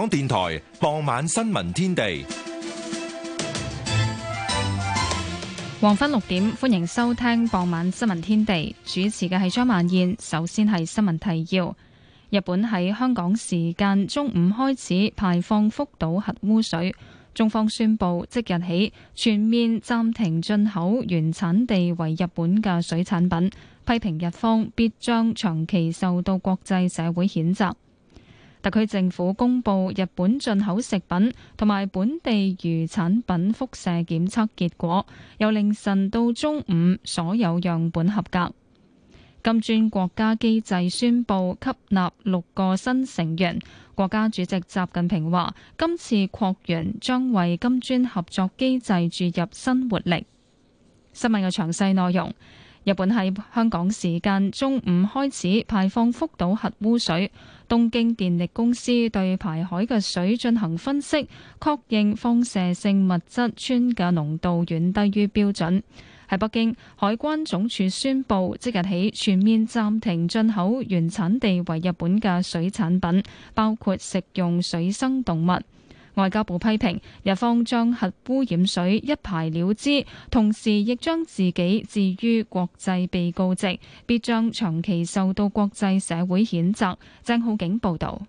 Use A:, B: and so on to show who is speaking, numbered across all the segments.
A: 香港電台傍晚新聞天地，
B: 黃昏六點歡迎收聽傍晚新聞天地，主持嘅係張曼燕。首先係新聞提要：日本喺香港時間中午開始排放福島核污水，中方宣布即日起全面暫停進口原產地為日本嘅水產品，批評日方必將長期受到國際社會譴責。特區政府公布日本進口食品同埋本地漁產品輻射檢測結果，由凌晨到中午所有樣本合格。金磚國家機制宣布吸納六個新成員，國家主席習近平話：今次擴員將為金磚合作機制注入新活力。新聞嘅詳細內容。日本喺香港時間中午開始排放福島核污水，東京電力公司對排海嘅水進行分析，確認放射性物質氚嘅濃度遠低於標準。喺北京，海關總署宣布即日起全面暫停進口原產地為日本嘅水產品，包括食用水生動物。外交部批評日方將核污染水一排了之，同時亦將自己置於國際被告席，必將長期受到國際社會譴責，鄭浩景報道。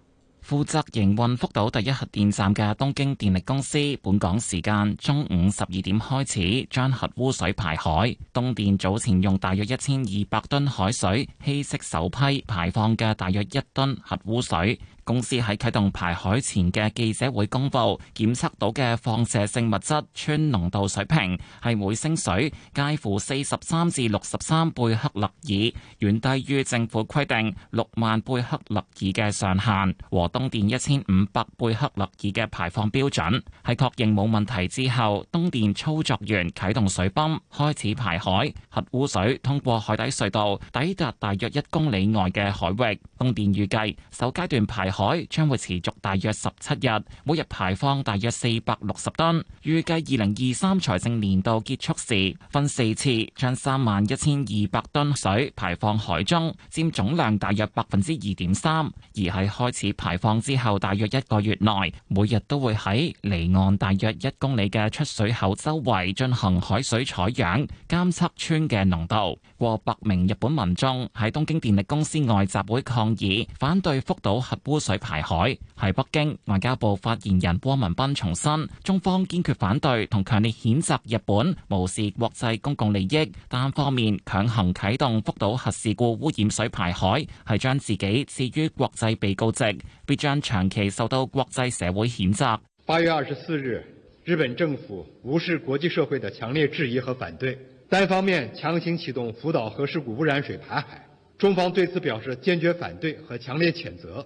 C: 負責營運福島第一核電站嘅東京電力公司，本港時間中午十二點開始將核污水排海。東電早前用大約一千二百噸海水稀釋首批排放嘅大約一噸核污水。公司喺啟動排海前嘅記者會公布，檢測到嘅放射性物質氚濃度水平係每升水介乎四十三至六十三貝克勒爾，遠低於政府規定六萬貝克勒爾嘅上限和東電一千五百貝克勒爾嘅排放標準。喺確認冇問題之後，東電操作員啟動水泵開始排海，核污水通過海底隧道抵達大約一公里外嘅海域。東電預計首階段排。海將會持續大約十七日，每日排放大約四百六十噸。預計二零二三財政年度結束時，分四次將三萬一千二百噸水排放海中，佔總量大約百分之二點三。而喺開始排放之後，大約一個月內，每日都會喺離岸大約一公里嘅出水口周圍進行海水採樣，監測氚嘅濃度。過百名日本民眾喺東京電力公司外集會抗議，反對福島核污水排海。喺北京外交部發言人汪文斌重申，中方堅決反對同強烈譴責日本無視國際公共利益，單方面強行啓動福島核事故污染水排海，係將自己置於國際被告席，必將長期受到國際社會譴責。
D: 八月二十四日，日本政府無視國際社會的強烈質疑和反對，單方面強行啓動福島核事故污染水排海，中方對此表示堅決反對和強烈譴責。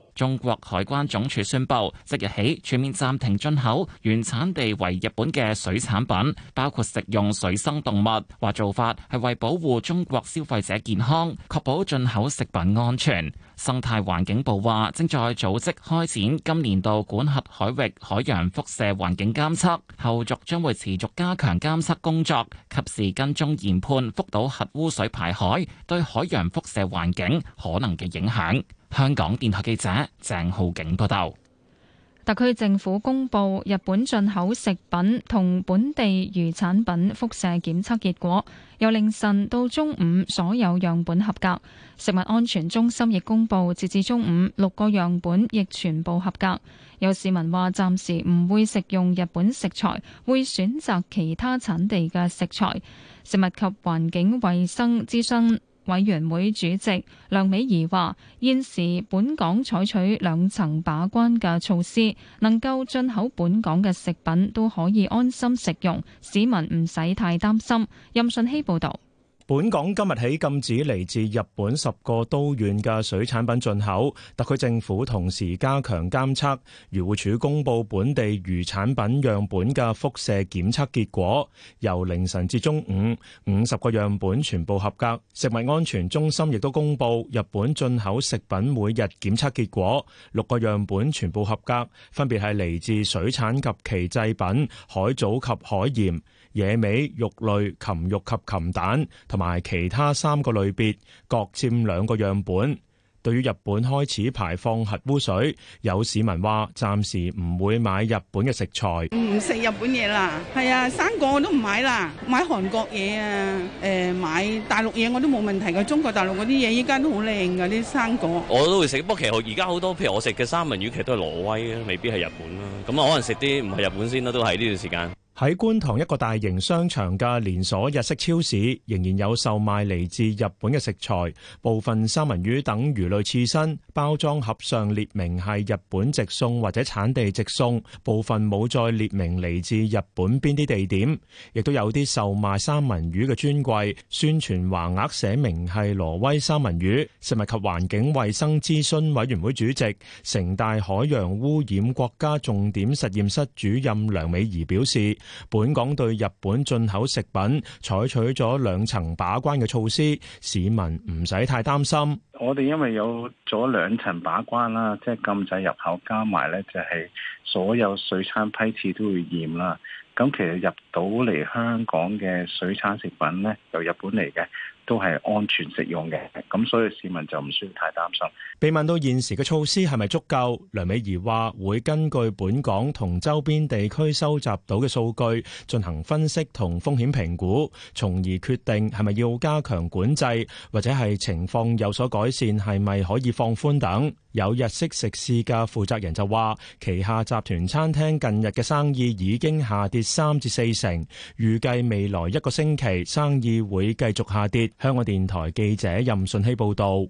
C: 中國海關總署宣布，即日起全面暫停進口原產地為日本嘅水產品，包括食用水生動物。話做法係為保護中國消費者健康，確保進口食品安全。生態環境部話，正在組織開展今年度管轄海域海洋輻射環境監測，後續將會持續加強監測工作，及時跟蹤研判福島核污水排海對海洋輻射環境可能嘅影響。香港電台記者鄭浩景報道，
B: 特區政府公布日本進口食品同本地漁產品輻射檢測結果，由凌晨到中午所有樣本合格。食物安全中心亦公布，截至中午六個樣本亦全部合格。有市民話，暫時唔會食用日本食材，會選擇其他產地嘅食材。食物及環境衛生諮詢。委員會主席梁美儀話，現時本港採取兩層把關嘅措施，能夠進口本港嘅食品都可以安心食用，市民唔使太擔心。任信希報道。
A: 本港今日起禁止嚟自日本十個都縣嘅水產品進口，特區政府同時加強監測。漁護署公布本地漁產品樣本嘅輻射檢測結果，由凌晨至中午，五十個樣本全部合格。食物安全中心亦都公布日本進口食品每日檢測結果，六個樣本全部合格，分別係嚟自水產及其製品、海藻及海鹽。野味、肉類、禽肉及禽蛋，同埋其他三個類別各佔兩個樣本。對於日本開始排放核污水，有市民話：暫時唔會買日本嘅食材，
E: 唔食日本嘢啦。係啊，生果我都唔買啦，買韓國嘢啊，誒、呃、買大陸嘢我都冇問題。個中國大陸嗰啲嘢依家都好靚㗎，啲生果
D: 我都會食。不過其實而家好多譬如我食嘅三文魚，其實都係挪威啊，未必係日本啦。咁啊，可能食啲唔係日本先啦，都係呢段時間。
A: 喺觀塘一個大型商場嘅連鎖日式超市，仍然有售賣嚟自日本嘅食材，部分三文魚等魚類刺身包裝盒上列明係日本直送或者產地直送，部分冇再列明嚟自日本邊啲地點，亦都有啲售賣三文魚嘅專櫃，宣傳橫額寫明係挪威三文魚。食物及環境衛生諮詢委員會主席、城大海洋污染國家重點實驗室主任梁美儀表示，本港對日本進口食品採取咗兩層把關嘅措施，市民唔使太擔心。
D: 我哋因為有咗兩層把關啦，即係禁止入口，加埋咧就係所有水產批次都會驗啦。咁其實入到嚟香港嘅水產食品咧，由日本嚟嘅。都係安全食用嘅，咁所以市民就唔需要太擔心。
A: 被問到現時嘅措施係咪足夠，梁美儀話會根據本港同周邊地區收集到嘅數據進行分析同風險評估，從而決定係咪要加強管制，或者係情況有所改善，係咪可以放寬等。有日式食肆嘅負責人就話，旗下集團餐廳近日嘅生意已經下跌三至四成，預計未來一個星期生意會繼續下跌。香港電臺記者任順熙報道：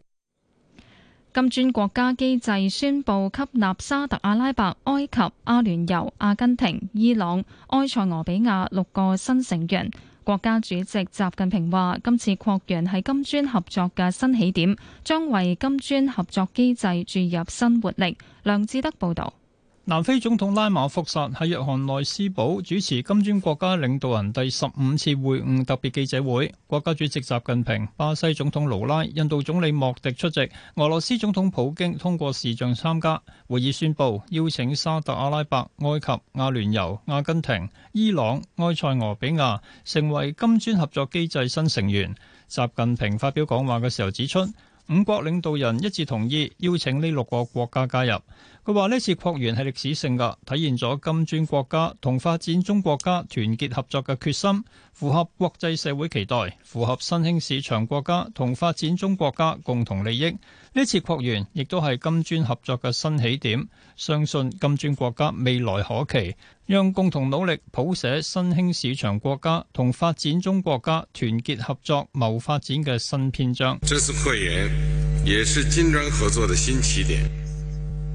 B: 金磚國家機制宣布吸納沙特阿拉伯、埃及、阿聯酋、阿根廷、伊朗、埃塞俄比亞六個新成員。國家主席習近平話：今次擴員係金磚合作嘅新起點，將為金磚合作機制注入新活力。梁志德報道。
F: 南非總統拉馬福薩喺約翰內斯堡主持金磚國家領導人第十五次會晤特別記者會，國家主席習近平、巴西總統盧拉、印度總理莫迪出席，俄羅斯總統普京通過視像參加會議，宣布邀請沙特阿拉伯、埃及、阿聯酋、阿根廷、伊朗、埃塞俄比亞成為金磚合作機制新成員。習近平發表講話嘅時候指出，五國領導人一致同意邀請呢六個國家加入。佢話：呢次擴員係歷史性嘅，體現咗金磚國家同發展中國家團結合作嘅決心，符合國際社會期待，符合新興市場國家同發展中國家共同利益。呢次擴員亦都係金磚合作嘅新起點，相信金磚國家未來可期，讓共同努力譜寫新興市場國家同發展中國家團結合作謀發展嘅新篇章。這次擴員也是金磚合作的新起點。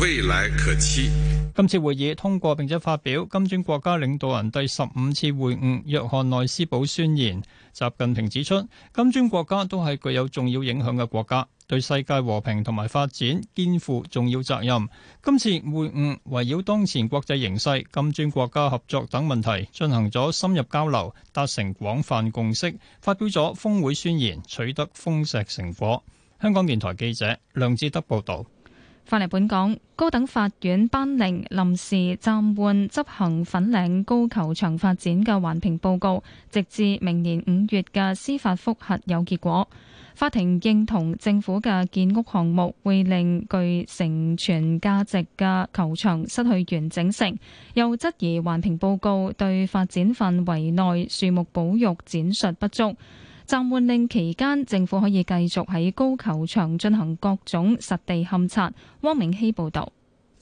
F: 未來可期。今次會議通過並且發表金磚國家領導人第十五次會晤約翰內斯堡宣言。習近平指出，金磚國家都係具有重要影響嘅國家，對世界和平同埋發展肩負重要責任。今次會晤圍繞當前國際形勢、金磚國家合作等問題進行咗深入交流，達成廣泛共識，發表咗峰會宣言，取得豐碩成果。香港電台記者梁志德報道。
B: 返嚟本港，高等法院頒令臨時暫緩執行粉嶺高球場發展嘅環評報告，直至明年五月嘅司法覆核有結果。法庭認同政府嘅建屋項目會令具成全價值嘅球場失去完整性，又質疑環評報告對發展範圍內樹木保育展述不足。暫緩令期間，政府可以繼續喺高球場進行各種實地勘測。汪明希報導。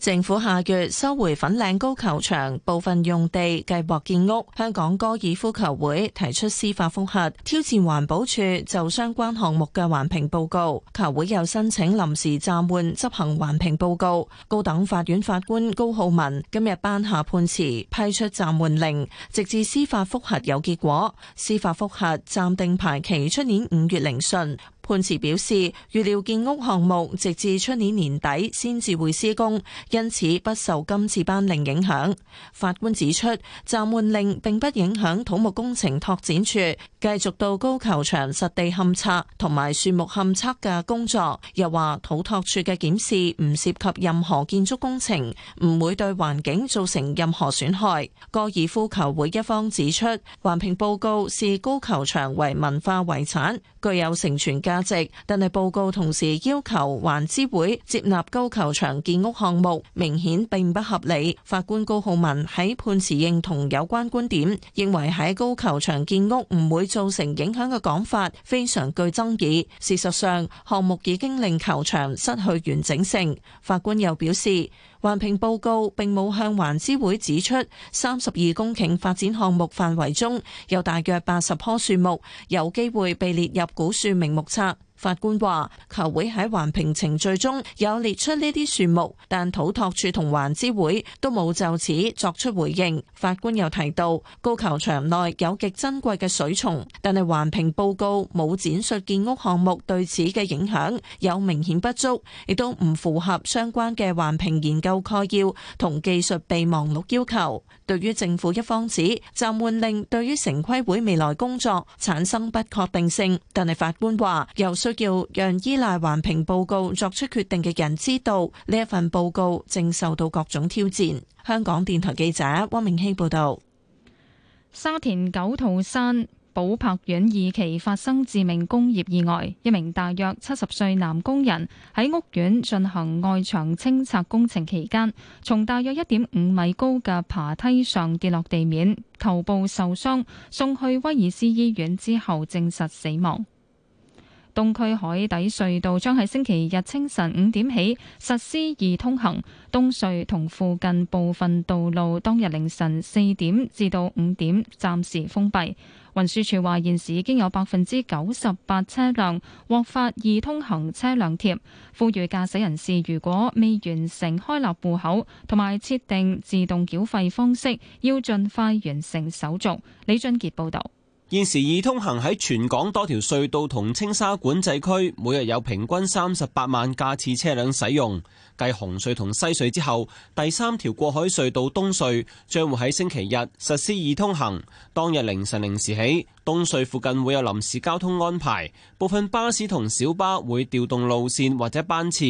E: 政府下月收回粉嶺高球場部分用地，計劃建屋。香港高爾夫球會提出司法覆核，挑戰環保署就相關項目嘅環評報告。球會又申請臨時暫緩執行環評報告。高等法院法官高浩文今日頒下判詞，批出暫緩令，直至司法覆核有結果。司法覆核暫定排期出年五月聆訊。判詞表示預料建屋項目直至出年年底先至會施工，因此不受今次頒令影響。法官指出暫緩令並不影響土木工程拓展處繼續到高球場實地勘測同埋樹木勘測嘅工作。又話土拓處嘅檢視唔涉及任何建築工程，唔會對環境造成任何損害。哥爾夫球會一方指出環評報告視高球場為文化遺產，具有成全價值，但係報告同時要求環諮會接納高球場建屋項目，明顯並不合理。法官高浩文喺判詞認同有關觀點，認為喺高球場建屋唔會造成影響嘅講法非常具爭議。事實上，項目已經令球場失去完整性。法官又表示，環評報告並冇向環諮會指出，三十二公頃發展項目範圍中有大約八十棵樹木有機會被列入古樹名木冊。法官話：球會喺環評程序中有列出呢啲樹木，但土托處同環諮會都冇就此作出回應。法官又提到，高球場內有極珍貴嘅水松，但係環評報告冇展述建屋項目對此嘅影響，有明顯不足，亦都唔符合相關嘅環評研究概要同技術備忘錄要求。對於政府一方指暫緩令對於城規會未來工作產生不確定性，但係法官話又需。叫讓依賴環評報告作出決定嘅人知道，呢一份報告正受到各種挑戰。香港電台記者汪明希報道。沙田九肚山
B: 寶柏苑二期發生致命工業意外，一名大約七十歲男工人喺屋苑進行外牆清拆工程期間，從大約一點五米高嘅爬梯上跌落地面，頭部受傷，送去威爾斯醫院之後證實死亡。東區海底隧道將喺星期日清晨五點起實施易通行，東隧同附近部分道路當日凌晨四點至到五點暫時封閉。運輸署話，現時已經有百分之九十八車輛獲發易通行車輛貼，呼籲駕駛人士如果未完成開立戶口同埋設定自動繳費方式，要盡快完成手續。李俊杰報道。
G: 現時易通行喺全港多條隧道同青沙管制區，每日有平均三十八萬架次車輛使用。繼紅隧同西隧之後，第三條過海隧道東隧將會喺星期日實施易通行。當日凌晨零時起，東隧附近會有臨時交通安排，部分巴士同小巴會調動路線或者班次。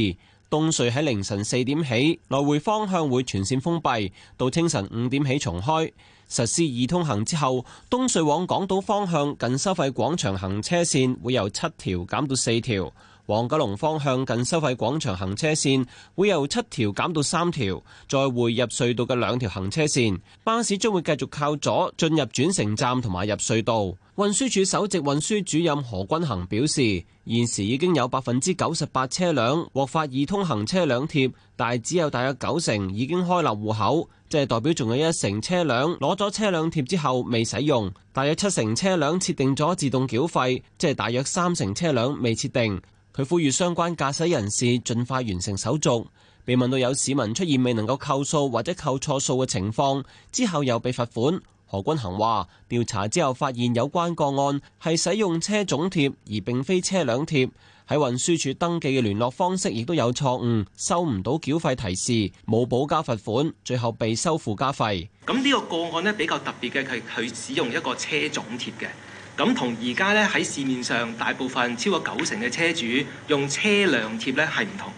G: 東隧喺凌晨四點起來回方向會全線封閉，到清晨五點起重開。實施易通行之後，東隧往港島方向近收費廣場行車線會由七條減到四條。往九龍方向近收費廣場行車線會由七條減到三條，再匯入隧道嘅兩條行車線，巴士將會繼續靠左進入轉乘站同埋入隧道。運輸署首席運輸主任何君衡表示，現時已經有百分之九十八車輛獲發易通行車輛貼，但係只有大約九成已經開立戶口，即係代表仲有一成車輛攞咗車輛貼之後未使用，大約七成車輛設定咗自動繳費，即係大約三成車輛未設定。佢呼籲相關駕駛人士盡快完成手續。被問到有市民出現未能夠扣數或者扣錯數嘅情況之後又被罰款，何君衡話調查之後發現有關個案係使用車種貼而並非車輛貼，喺運輸署登記嘅聯絡方式亦都有錯誤，收唔到繳費提示，冇補加罰款，最後被收附加費。
A: 咁呢個個案呢，比較特別嘅係佢使用一個車種貼嘅。咁同而家咧喺市面上大部分超過九成嘅車主用車輛貼咧，係唔同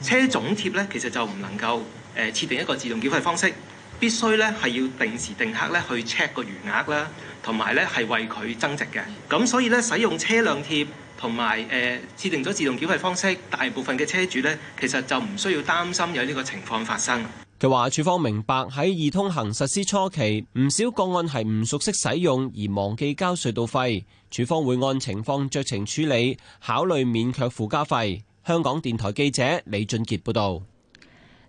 A: 車種貼咧，其實就唔能夠誒、呃、設定一個自動繳費方式，必須咧係要定時定刻咧去 check 個餘額啦，同埋咧係為佢增值嘅。咁所以咧使用車輛貼同埋誒設定咗自動繳費方式，大部分嘅車主咧其實就唔需要擔心有呢個情況發生。
G: 佢話：處方明白喺易通行實施初期，唔少個案係唔熟悉使用而忘記交隧道費，處方會按情況酌情處理，考慮免卻附加費。香港電台記者李俊傑報導。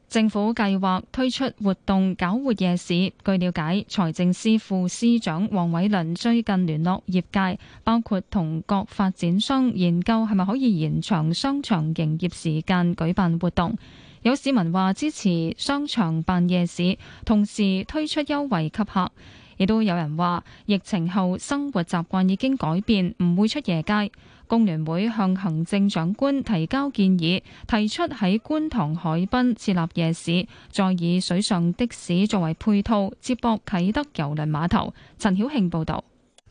B: 政府計劃推出活動，搞活夜市。據了解，財政司副司長黃偉綸最近聯絡業界，包括同各發展商研究係咪可以延長商場營業時間，舉辦活動。有市民話支持商場辦夜市，同時推出優惠吸客，亦都有人話疫情後生活習慣已經改變，唔會出夜街。工聯會向行政長官提交建議，提出喺觀塘海濱設立夜市，再以水上的士作為配套，接駁啟德郵輪碼頭。陳曉慶報道。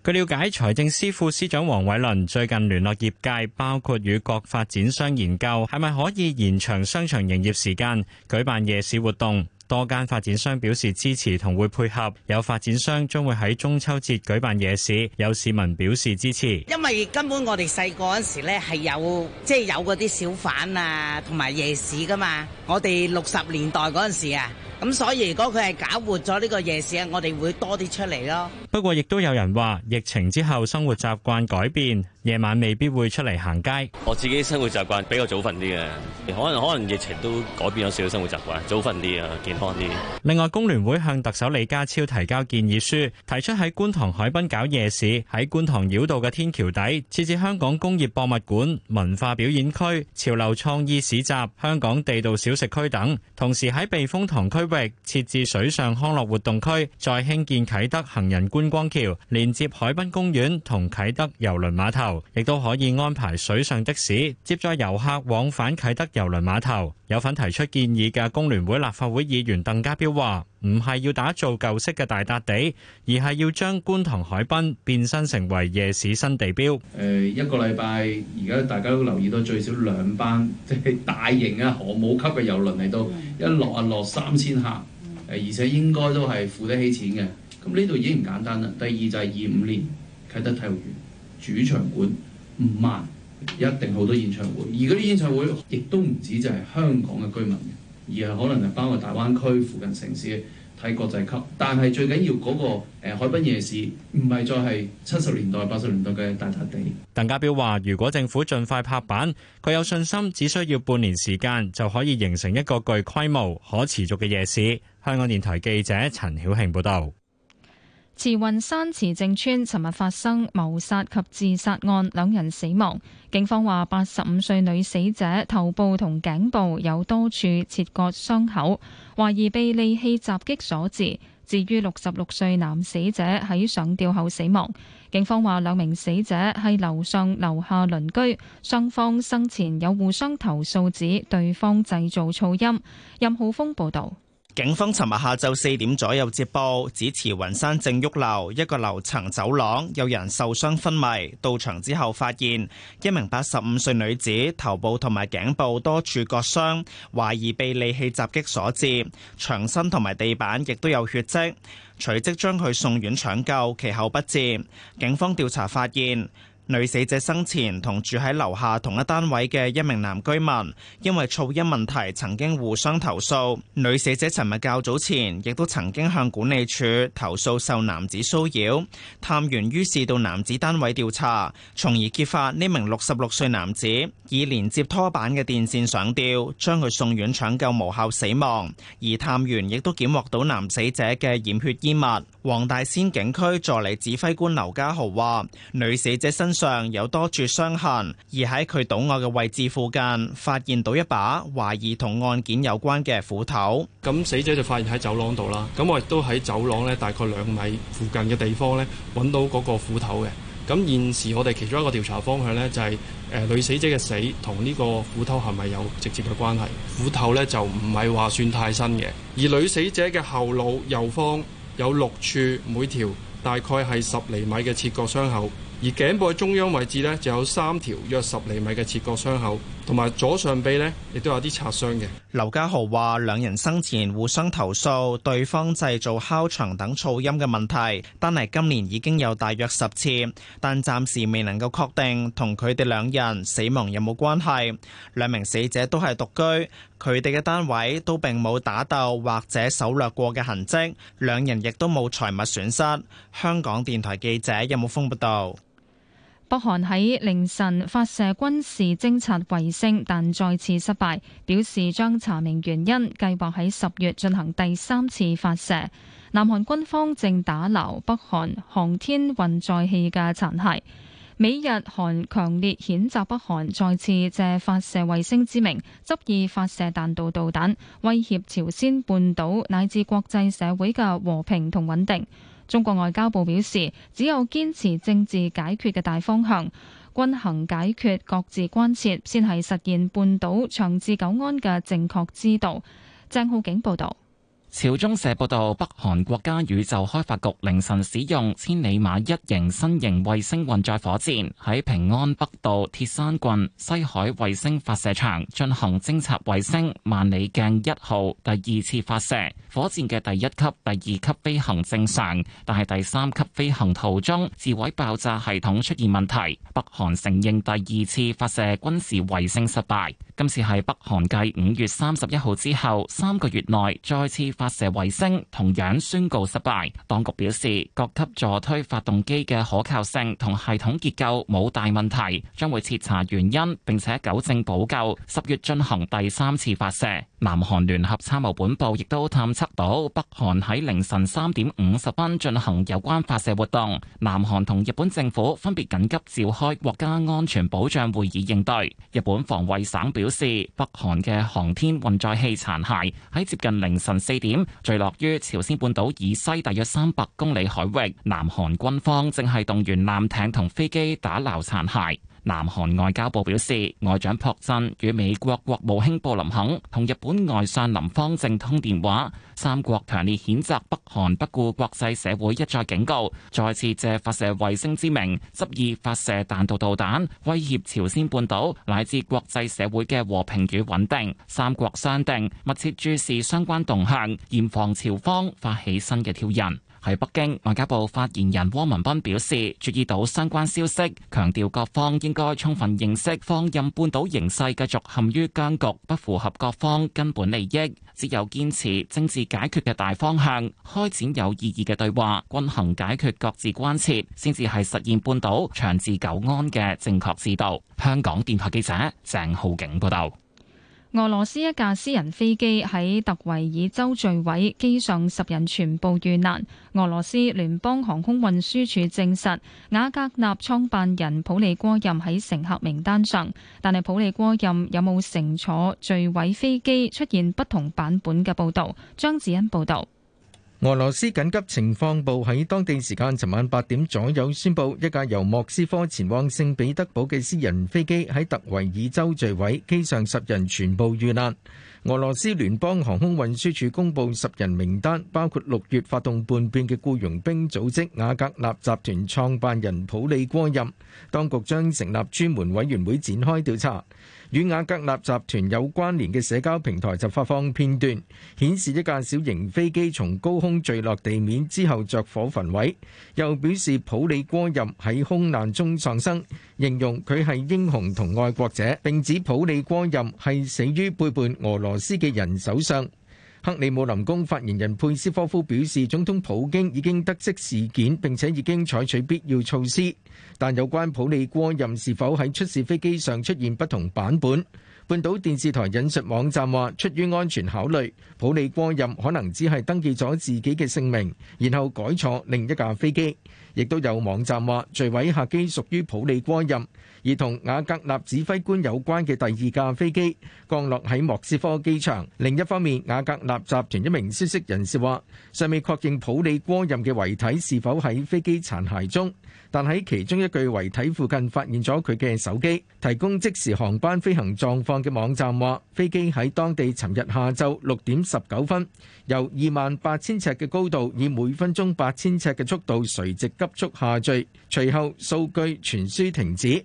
D: 據了解，財政司副司長王偉倫最近聯絡業界，包括與各發展商研究係咪可以延長商場營業時間、舉辦夜市活動。多間發展商表示支持同會配合，有發展商將會喺中秋節舉辦夜市，有市民表示支持。
H: 因為根本我哋細個嗰陣時呢，係有即係、就是、有嗰啲小販啊同埋夜市噶嘛，我哋六十年代嗰陣時啊。咁所以如果佢係搞活咗呢個夜市啊，我哋會多啲出嚟咯。
D: 不過亦都有人話疫情之後生活習慣改變，夜晚未必會出嚟行街。我自己生活習慣比較早瞓啲嘅，可能可能疫情都改變咗少少生活習慣，早瞓啲啊，健康啲。另外，工聯會向特首李家超提交建議書，提出喺觀塘海濱搞夜市，喺觀塘繞道嘅天橋底設置香港工業博物館文化表演區潮流創意市集、香港地道小食區等，同時喺避風塘區。區域設置水上康樂活動區，再興建啟德行人觀光橋，連接海濱公園同啟德郵輪碼頭，亦都可以安排水上的士接載遊客往返啟德郵輪碼頭。有份提出建議嘅工聯會立法會議員鄧家彪話。唔係要打造舊式嘅大笪地，而係要將觀塘海濱變身成為夜市新地標。
I: 誒、呃、一個禮拜而家大家都留意到最少兩班
A: 即係、就是、大型嘅河母級嘅遊輪嚟到，一落啊落三千客，誒、呃、而且應該都係付得起錢嘅。咁呢度已經唔簡單啦。第二就係二五年啟德體育園主場館五萬，一定好多演唱會。而嗰啲演唱會亦都唔止就係香港嘅居民。而係可能係包括大灣區附近城市睇國際級，但係最緊要嗰個誒海濱夜市唔係再係七十年代、八十年代嘅大笪地。
D: 鄧家彪話：如果政府盡快拍板，佢有信心只需要半年時間就可以形成一個具規模、可持續嘅夜市。香港電台記者陳曉慶報道。
B: 慈雲山慈正村尋日發生謀殺及自殺案，兩人死亡。警方話，八十五歲女死者頭部同頸部有多處切割傷口，懷疑被利器襲擊所致。至於六十六歲男死者喺上吊後死亡。警方話，兩名死者係樓上樓下鄰居，雙方生前有互相投訴指對方製造噪音。任浩峰報導。
H: 警方尋日下晝四點左右接報，指慈雲山正旭樓一個樓層走廊有人受傷昏迷。到場之後發現一名八十五歲女子頭部同埋頸部多處割傷，懷疑被利器襲擊所致。牆身同埋地板亦都有血跡，隨即將佢送院搶救，其後不治。警方調查發現，女死者生前同住喺樓下同一單位嘅一名男居民，因為噪音問題曾經互相投訴，女死者尋日較早前亦都曾經向管理處投訴受男子騷擾。探員於是到男子單位調查，從而揭發呢名六十六歲男子以連接拖板嘅電線上吊，將佢送院搶救無效死亡。而探員亦都檢獲到男死者嘅染血衣物。黃大仙警區助理指揮官劉家豪話：女死者身上有多處傷痕，而喺佢倒卧嘅位置附近，發現到一把懷疑同案件有關嘅斧頭。咁死者就發現喺走廊度
F: 啦。咁我亦都喺走廊呢大概兩米附近嘅地方呢揾到嗰個斧頭嘅。咁現時我哋其中一個調查方向呢，就係誒女死者嘅死同呢個斧頭係咪有直接嘅關係？斧頭呢就唔係話算太新嘅，而女死者嘅後腦右方有六處每條大概係十厘米嘅切割傷口。而頸部中央位置呢，就有三條約十厘米嘅切割傷口，同埋左
H: 上臂呢，亦都有啲擦傷嘅。劉家豪話：兩人生前互相投訴對方製造敲牆等噪音嘅問題，單係今年已經有大約十次，但暫時未能夠確定同佢哋兩人死亡有冇關係。兩名死者都係獨居，佢哋嘅單位都並冇打鬥或者搜掠過嘅痕跡，兩人亦都冇財物損失。香港電台記者任木峯報導。
B: 北韓喺凌晨發射軍事偵察衛星，但再次失敗，表示將查明原因，計劃喺十月進行第三次發射。南韓軍方正打撈北韓航天運載器嘅殘骸。美日韓強烈譴責北韓再次借發射衛星之名，執意發射彈道導彈，威脅朝鮮半島乃至國際社會嘅和平同穩定。中國外交部表示，只有堅持政治解決嘅大方向，均衡解決各自關切，先係實現半島長治久安嘅正確之道。鄭浩景報道。
C: 朝中社報道，北韓國家宇宙開發局凌晨使用千里馬一型新型衛星運載火箭，喺平安北道鐵山郡西海衛星發射場進行偵察衛星萬里鏡一號第二次發射。火箭嘅第一級、第二級飛行正常，但係第三級飛行途中自毀爆炸系統出現問題。北韓承認第二次發射軍事衛星失敗。今次係北韓繼五月三十一號之後三個月內再次發發射衛星同樣宣告失敗。當局表示，各級助推發動機嘅可靠性同系統結構冇大問題，將會徹查原因，並且糾正補救。十月進行第三次發射。南韓聯合參謀本部亦都探測到北韓喺凌晨三點五十分進行有關發射活動。南韓同日本政府分別緊急召開國家安全保障會議應對。日本防衛省表示，北韓嘅航天運載器殘骸喺接近凌晨四點。墜落於朝鮮半島以西大約三百公里海域，南韓軍方正係動員艦艇同飛機打撈殘骸。南韓外交部表示，外長朴振與美國國務卿布林肯同日本外相林芳正通電話，三國強烈譴責北韓不顧國際社會一再警告，再次借發射衛星之名，執意發射彈道導彈，威脅朝鮮半島乃至國際社會嘅和平與穩定。三國商定密切注視相關動向，嚴防朝方發起新嘅挑釁。喺北京，外交部發言人汪文斌表示，注意到相關消息，強調各方應該充分認識放任半島形勢繼續陷於僵局，不符合各方根本利益，只有堅持政治解決嘅大方向，開展有意義嘅對話均衡解決各自關切，先至係實現半島長治久安嘅正確之道。香港電台記者鄭浩景報道。
B: 俄羅斯一架私人飛機喺特維爾州墜毀，機上十人全部遇難。俄羅斯聯邦航空運輸署證實，雅格納創辦人普利戈任喺乘客名單上，但係普利戈任有冇乘坐墜毀飛機，出現不同版本嘅報道。張子恩報道。
I: 俄羅斯緊急情況部喺當地時間尋晚八點左右宣布，一架由莫斯科前往聖彼得堡嘅私人飛機喺特維爾州墜毀，機上十人全部遇難。俄羅斯聯邦航空運輸署公布十人名單，包括六月發動叛變嘅僱傭兵組織瓦格納集團創辦人普里戈任。當局將成立專門委員會展開調查。與瓦格納集團有關聯嘅社交平台就發放片段，顯示一架小型飛機從高空墜落地面之後着火焚毀，又表示普里戈任喺空難中喪生，形容佢係英雄同愛國者，並指普里戈任係死於背叛俄羅斯嘅人手上。克里姆林宮發言人佩斯科夫表示總統普京已經得悉事件，並且已經採取必要措施，但有關普利過任是否喺出事飛機上出現不同版本。半島電視台引述網站話，出於安全考慮，普利過任可能只係登記咗自己嘅姓名，然後改坐另一架飛機。亦都有網站話，墜毀客機屬於普里戈任，而同瓦格納指揮官有關嘅第二架飛機降落喺莫斯科機場。另一方面，瓦格納集團一名消息人士話，尚未確認普里戈任嘅遺體是否喺飛機殘骸中。但喺其中一具遺體附近發現咗佢嘅手機。提供即時航班飛行狀況嘅網站話，飛機喺當地尋日下晝六點十九分，由二萬八千尺嘅高度，以每分鐘八千尺嘅速度垂直急速下墜，隨後數據傳輸停止。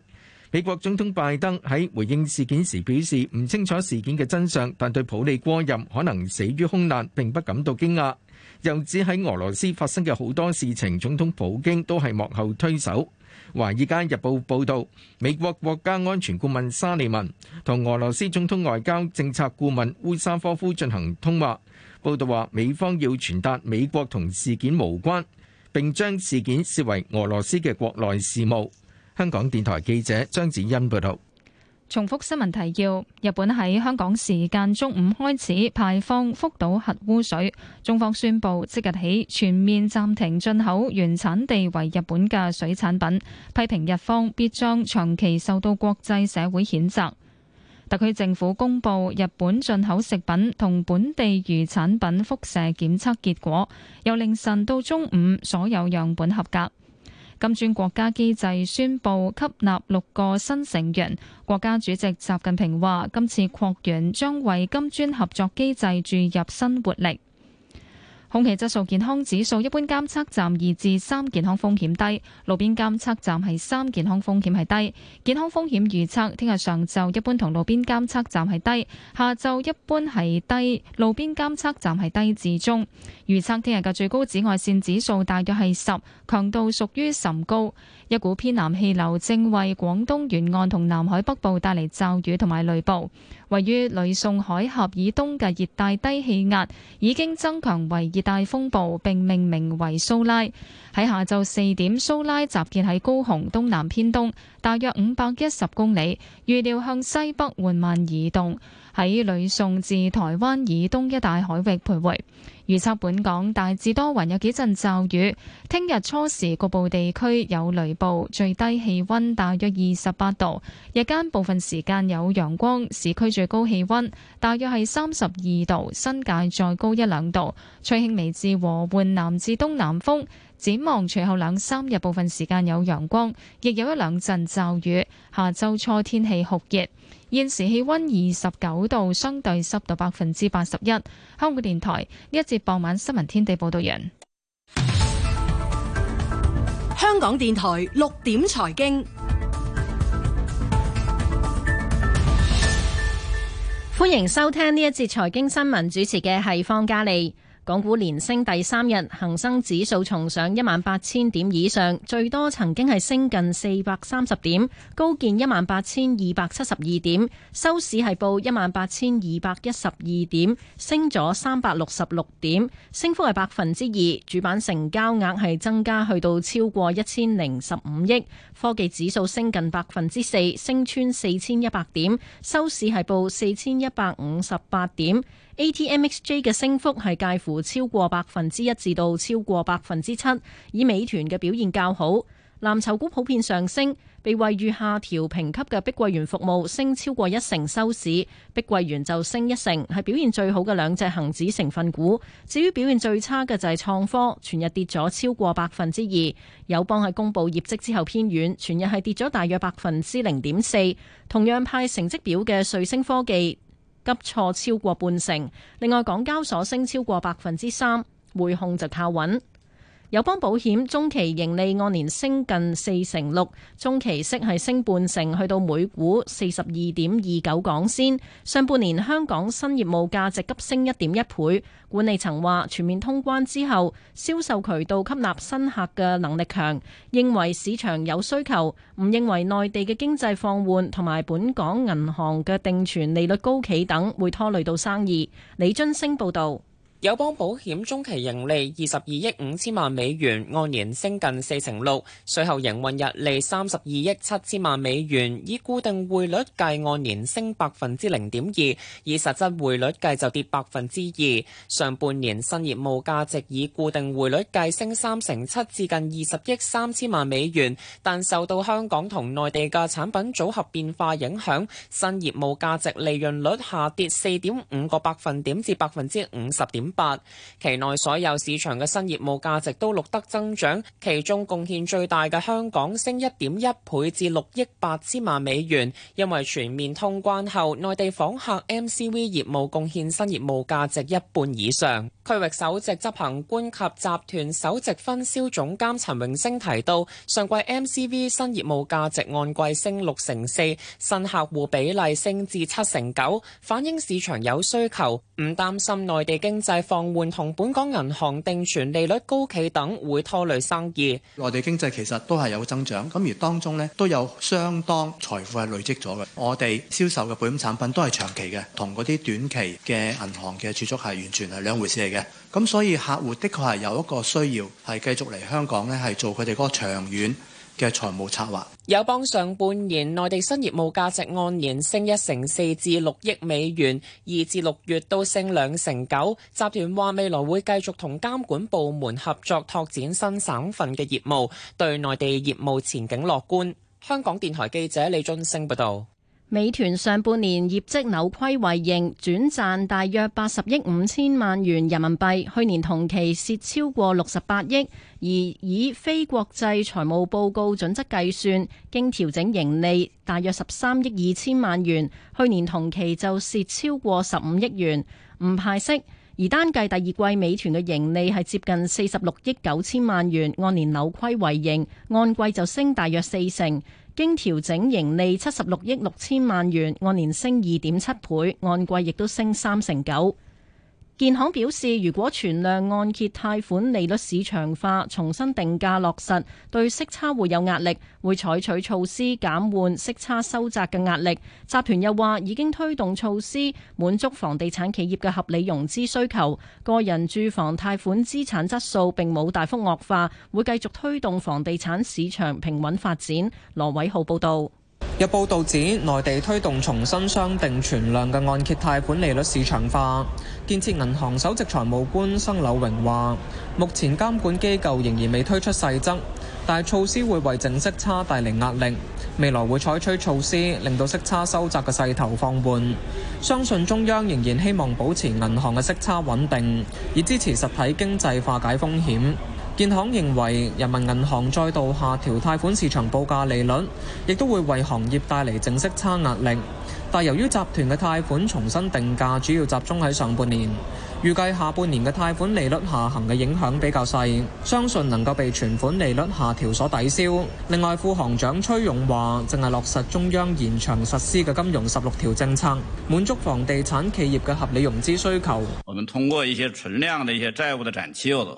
I: 美國總統拜登喺回應事件時表示，唔清楚事件嘅真相，但對普里戈任可能死於空難並不感到驚訝。又指喺俄羅斯發生嘅好多事情，總統普京都係幕後推手。《華爾街日報》報道，美國國家安全顧問沙利文同俄羅斯總統外交政策顧問烏沙科夫進行通話，報道話，美方要傳達美國同事件無關，並將事件視為俄羅斯嘅國內事務。香港電台記者張子欣報道。
B: 重複新聞提要：日本喺香港時間中午開始排放福島核污水，中方宣佈即日起全面暫停進口原產地為日本嘅水產品，批評日方必將長期受到國際社會譴責。特區政府公布日本進口食品同本地漁產品輻射檢測結果，由凌晨到中午所有樣本合格。金磚國家機制宣布吸納六個新成員，國家主席習近平話：今次擴員將為金磚合作機制注入新活力。空氣質素健康指數一般監測站二至三，健康風險低；路邊監測站係三，健康風險係低。健康風險預測聽日上晝一般同路邊監測站係低，下晝一般係低，路邊監測站係低至中。預測聽日嘅最高紫外線指數大約係十，強度屬於甚高。一股偏南氣流正為廣東沿岸同南海北部帶嚟驟雨同埋雷暴。位於呂宋海峽以東嘅熱帶低氣壓已經增強為熱帶風暴，並命名為蘇拉。喺下晝四點，蘇拉集結喺高雄東南偏東，大約五百一十公里，預料向西北緩慢移動，喺呂宋至台灣以東一帶海域徘徊。預測本港大致多雲，有幾陣驟雨。聽日初時局部地區有雷暴，最低氣溫大約二十八度。日間部分時間有陽光，市區最高氣溫大約係三十二度，新界再高一兩度。吹輕微至和緩，南至東南風。展望隨後兩三日部分時間有陽光，亦有一兩陣驟雨。下周初天氣酷熱，現時氣溫二十九度，相對濕度百分之八十一。香港電台呢一節傍晚新聞天地
J: 報道人，香港電台六點財經，
K: 歡迎收聽呢一節財經新聞，主持嘅係方嘉莉。港股連升第三日，恒生指數重上一萬八千點以上，最多曾經係升近四百三十點，高見一萬八千二百七十二點，收市係報一萬八千二百一十二點，升咗三百六十六點，升幅係百分之二。主板成交額係增加去到超過一千零十五億。科技指數升近百分之四，升穿四千一百點，收市係報四千一百五十八點。ATMXJ 嘅升幅係介乎超過百分之一至到超過百分之七，以美團嘅表現較好。藍籌股普遍上升，被惠譽下調評級嘅碧桂園服務升超過一成收市，碧桂園就升一成，係表現最好嘅兩隻恒指成分股。至於表現最差嘅就係創科，全日跌咗超過百分之二。友邦喺公布業績之後偏軟，全日係跌咗大約百分之零點四。同樣派成績表嘅瑞星科技，急挫超過半成，另外港交所升超過百分之三，匯控就靠穩。友邦保險中期盈利按年升近四成六，中期息係升半成，去到每股四十二點二九港仙。上半年香港新業務價值急升一點一倍，管理層話全面通關之後，銷售渠道吸納新客嘅能力強，認為市場有需求，唔認為內地嘅經濟放緩同埋本港銀行嘅定存利率高企等會拖累到生意。李津升報導。友邦保險中
L: 期盈利二十二億五千萬美元，按年升近四成六。稅後營運日利三十二億七千萬美元，以固定匯率計按年升百分之零點二，以實質匯率計就跌百分之二。上半年新業務價值以固定匯率計升三成七至近二十億三千萬美元，但受到香港同內地嘅產品組合變化影響，新業務價值利潤率下跌四點五個百分點至百分之五十點。八期內所有市場嘅新業務價值都錄得增長，其中貢獻最大嘅香港升一點一倍至六億八千萬美元，因為全面通關後內地訪客 MCV 業務貢獻新業務價值一半以上。區域首席執行官及集團首席分銷總監陳永升提到，上季 MCV 新業務價值按季升六成四，新客戶比例升至七成九，反映市場有需求，唔擔心內地經濟放緩同本港銀行定存利率高企等，會拖累生意。內地經濟其實都係有增長，咁而當中呢都有相當財富係累積咗嘅。我哋銷售嘅保險產品都係長期
A: 嘅，同嗰啲短期嘅銀行嘅儲蓄係完全係兩回事嚟嘅。咁所以客戶的確係有一個需要係繼續嚟香港呢，係做佢哋嗰個長遠。嘅財務策劃。
L: 友邦上半年內地新業務價值按年升一成四至六億美元，二至六月都升兩成九。集團話未來會繼續同監管部門合作拓展新省份嘅業務，對內地業務前景樂觀，香港電台記者李俊升報道。
K: 美團上半年業績扭虧為盈，轉賺大約八十億五千萬元人民幣，去年同期蝕超過六十八億；而以非國際財務報告準則計算，經調整盈利大約十三億二千萬元，去年同期就蝕超過十五億元，唔派息。而單計第二季，美團嘅盈利係接近四十六億九千萬元，按年扭虧為盈，按季就升大約四成。經調整盈利七十六億六千萬元，按年升二點七倍，按季亦都升三成九。建行表示，如果存量按揭貸款利率市場化重新定價落實，對息差會有壓力，會採取措施減緩息差收窄嘅壓力。集團又話已經推動措施，滿足房地產企業嘅合理融資需求。個人住房貸款資產質素並冇大幅惡化，會繼續推動房地產市場平穩發展。羅偉浩報道。
M: 有報，報道指，內地推動重新商定存量嘅按揭貸款利率市場化。建設銀行首席財務官生柳榮話，目前監管機構仍然未推出細則，但係措施會為淨息差帶嚟壓力。未來會採取措施，令到息差收窄嘅勢頭放緩。相信中央仍然希望保持銀行嘅息差穩定，以支持實體經濟化解風險。建行認為，人民銀行再度下調貸款市場報價利率，亦都會為行業帶嚟淨息差壓力。但由於集團嘅貸款重新定價主要集中喺上半年，預計下半年嘅貸款利率下行嘅影響比較細，相信能夠被存款利率下調所抵消。另外，副行長崔勇話淨係落實中央延長實施嘅金融十六條政策，滿足房地產企業嘅合理融資需求。我
D: 們通過一些存量嘅一些債務的展期的。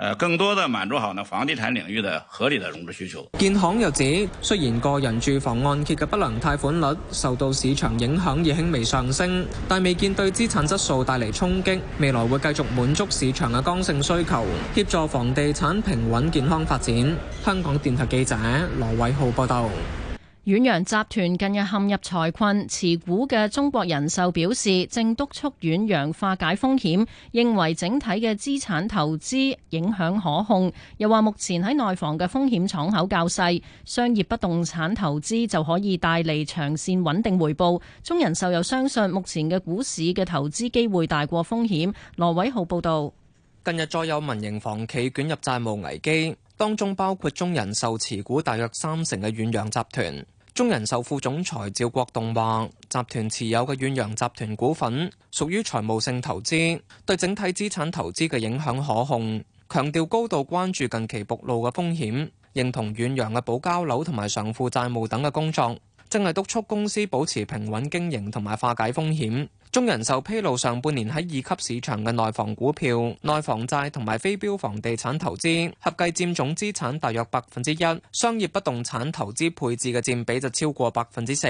D: 呃，更多的滿足好呢房地產領域嘅合理的融資需求。
M: 建行又指，雖然個人住房按揭嘅不良貸款率受到市場影響而輕微上升，但未見對資產質素帶嚟衝擊，未來會繼續滿足市場嘅剛性需求，協助房地產平穩健康發展。香港電台記者羅偉浩報道。
K: 遠洋集團近日陷入財困，持股嘅中國人壽表示正督促遠洋化解風險，認為整體嘅資產投資影響可控。又話目前喺內房嘅風險敞口較細，商業不動產投資就可以帶嚟長線穩定回報。中人壽又相信目前嘅股市嘅投資機會大過風險。羅偉豪報道，
M: 近日再有民營房企捲入債務危機，當中包括中人壽持股大約三成嘅遠洋集團。中人壽副總裁趙國棟話，集團持有嘅遠洋集團股份屬於財務性投資，對整體資產投資嘅影響可控。強調高度關注近期暴露嘅風險，認同遠洋嘅保交樓同埋償付債務等嘅工作，正係督促公司保持平穩經營同埋化解風險。中人壽披露上半年喺二級市場嘅內房股票、內房債同埋非標房地產投資，合計占總資產大約百分之一；商業不動產投資配置嘅佔比就超過百分之四。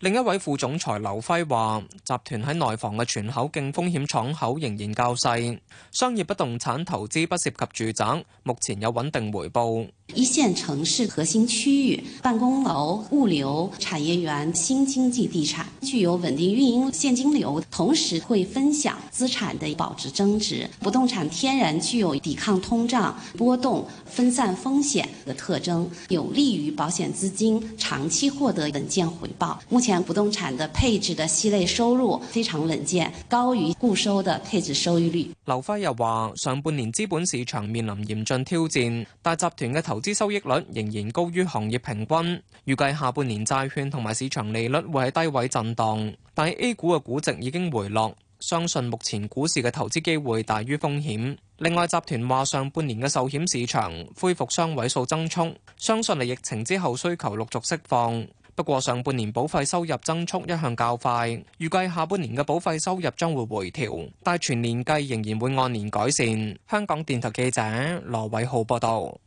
M: 另一位副總裁劉輝話：集團喺內房嘅全口徑風險敞口仍然較細，商業不動產投資不涉及住宅，目前有穩定回報。
K: 一線城市核心區域辦公樓、物流產業園、新經濟地產具有穩定運營現金流。同時會分享資產的保值增值，不動產天然具有抵抗通脹波動、分散風險的特徵，有利於保險資金長期獲得穩健回報。目前不動產的配置的息類收入非常穩健，高於固收的配置收益率。
M: 劉輝又話：上半年資本市場面臨嚴峻挑戰，大集團嘅投資收益率仍然高於行業平均。預計下半年債券同埋市場利率會喺低位震盪，但係 A 股嘅估值，已經回落，相信目前股市嘅投資機會大於風險。另外，集團話上半年嘅壽險市場恢復雙位數增速，相信嚟疫情之後需求陸續釋放。不過，上半年保費收入增速一向較快，預計下半年嘅保費收入將會回調，但全年計仍然會按年改善。香港電台記者羅偉浩報道。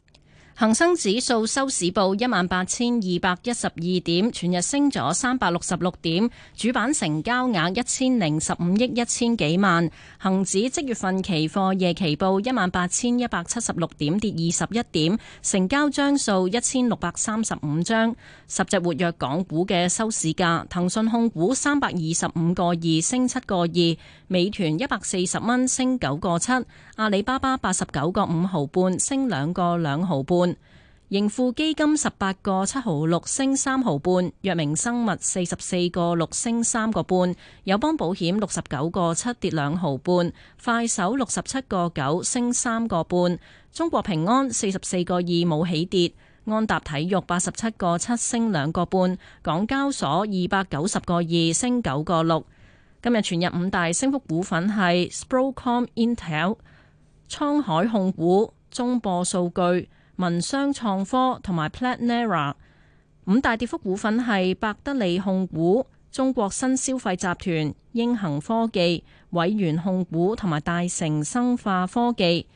K: 恒生指數收市報一萬八千二百一十二點，全日升咗三百六十六點，主板成交額一千零十五億一千幾萬。恒指即月份期貨夜期報一萬八千一百七十六點，跌二十一點，成交張數一千六百三十五張。十隻活躍港股嘅收市價：騰訊控股三百二十五個二升七個二，美團一百四十蚊升九個七，阿里巴巴八十九個五毫半升兩個兩毫半。盈富基金十八個七毫六升三毫半，藥明生物四十四個六升三個半，友邦保險六十九個七跌兩毫半，快手六十七個九升三個半，中國平安四十四個二冇起跌，安踏體育八十七個七升兩個半，港交所二百九十個二升九個六。今日全日五大升幅股份係 Sprocomm、Intel、滄海控股、中播數據。民商創科同埋 Platnera，五大跌幅股份係百得利控股、中國新消費集團、英恒科技、偉元控股同埋大成生化科技。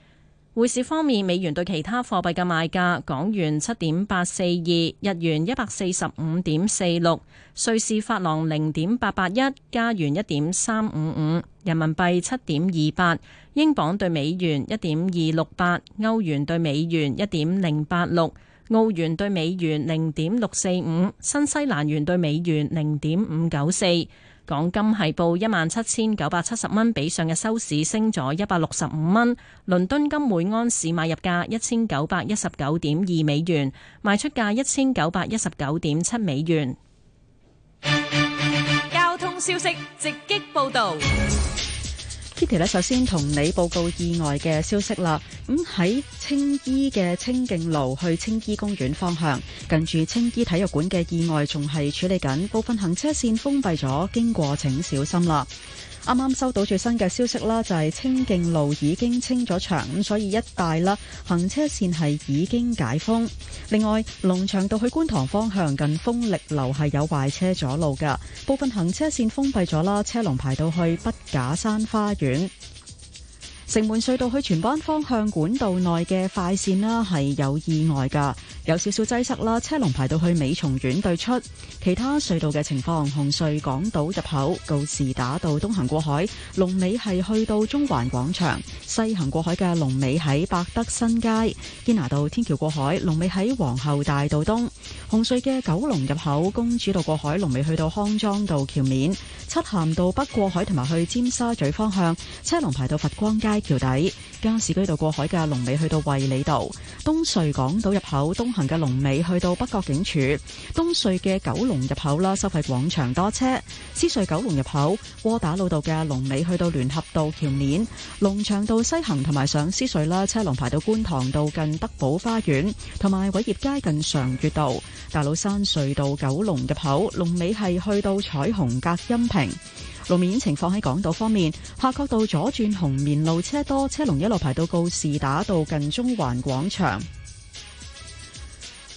K: 匯市方面，美元對其他貨幣嘅賣價：港元七點八四二，日元一百四十五點四六，瑞士法郎零點八八一，加元一點三五五，人民幣七點二八，英鎊對美元一點二六八，歐元對美元一點零八六，澳元對美元零點六四五，新西蘭元對美元零點五九四。港金係報一萬七千九百七十蚊，比上日收市升咗一百六十五蚊。倫敦金每安士買入價一千九百一十九點二美元，賣出價一千九百一十九點七美元。交通消息直擊報導，直擊報道。
J: 呢條咧，首先同你報告意外嘅消息啦。咁喺青衣嘅青敬路去青衣公園方向，近住青衣體育館嘅意外仲係處理緊，部分行車線封閉咗，經過請小心啦。啱啱收到最新嘅消息啦，就係、是、清徑路已經清咗場，咁所以一帶啦行車線係已經解封。另外，龍翔道去觀塘方向近風力樓係有壞車阻路噶，部分行車線封閉咗啦，車龍排到去筆架山花園。城門隧道去荃灣方向管道內嘅快線啦，係有意外噶，有少少擠塞啦，車龍排到去美松苑對出。其他隧道嘅情況，紅隧港島入口告士打道東行過海龍尾係去到中環廣場，西行過海嘅龍尾喺百德新街，堅拿道天橋過海龍尾喺皇后大道東。紅隧嘅九龍入口公主道過海龍尾去到康莊道橋面，漆咸道北過海同埋去尖沙咀方向，車龍排到佛光街。橋底、加士居道過海嘅龍尾去到衛理道；東隧港島入口東行嘅龍尾去到北角警署；東隧嘅九龍入口啦，收費廣場多車；獅隧九龍入口窩打老道嘅龍尾去到聯合道橋面；龍翔道西行同埋上獅隧啦，車龍排到觀塘道近德寶花園，同埋偉業街近常悅道；大老山隧道九龍入口龍尾係去到彩虹隔音屏。路面情況喺港島方面，夏悫道左轉紅棉路車多，車龍一路排到告士打道近中環廣場。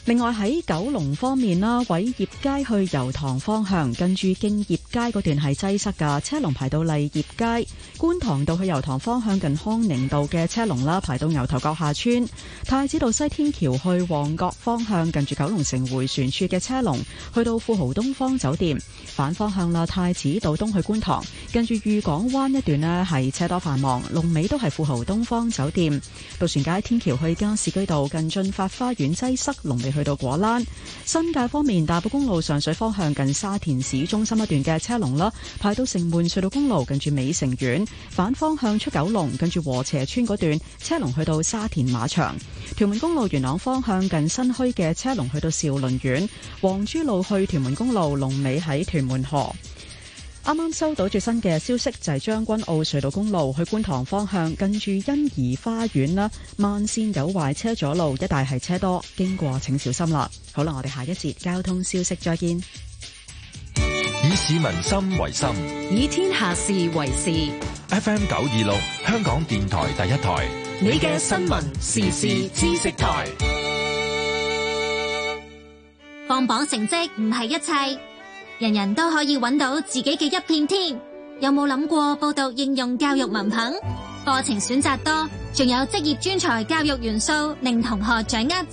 J: 另外喺九龍方面啦，偉業街去油塘方向，近住敬業街段係擠塞噶，車龍排到麗業街；觀塘道去油塘方向，近康寧道嘅車龍啦，排到牛頭角下村；太子道西天橋去旺角方向，近住九龍城回旋處嘅車龍，去到富豪東方酒店反方向啦，太子道東去觀塘，近住御港灣一段咧係車多繁忙，龍尾都係富豪東方酒店；渡船街天橋去加士居道，近駿發花園擠塞，龍尾，去到果欄，新界方面，大埔公路上水方向近沙田市中心一段嘅車龍啦，排到城門隧道公路近住美城苑，反方向出九龍近住禾輋邨嗰段車龍去到沙田馬場，屯門公路元朗方向近新墟嘅車龍去到兆麟苑，黃珠路去屯門公路龍尾喺屯門河。啱啱收到最新嘅消息，就係、是、將軍澳隧道公路去觀塘方向，近住欣怡花園啦，慢線有壞車阻路，一帶係車多，經過請小心啦。好啦，我哋下一節交通消息再見。
F: 以市民心為心，
J: 以天下事為事。
F: F M 九二
D: 六，
I: 香港電台第一台，
M: 你嘅新聞時事知識台，
B: 放
M: 榜成績唔係一切。人人都可以揾到自己嘅一片天，有冇諗過報讀應用教育文憑？
B: 課程選擇多，仲有職業專才教育元素，令同學掌握。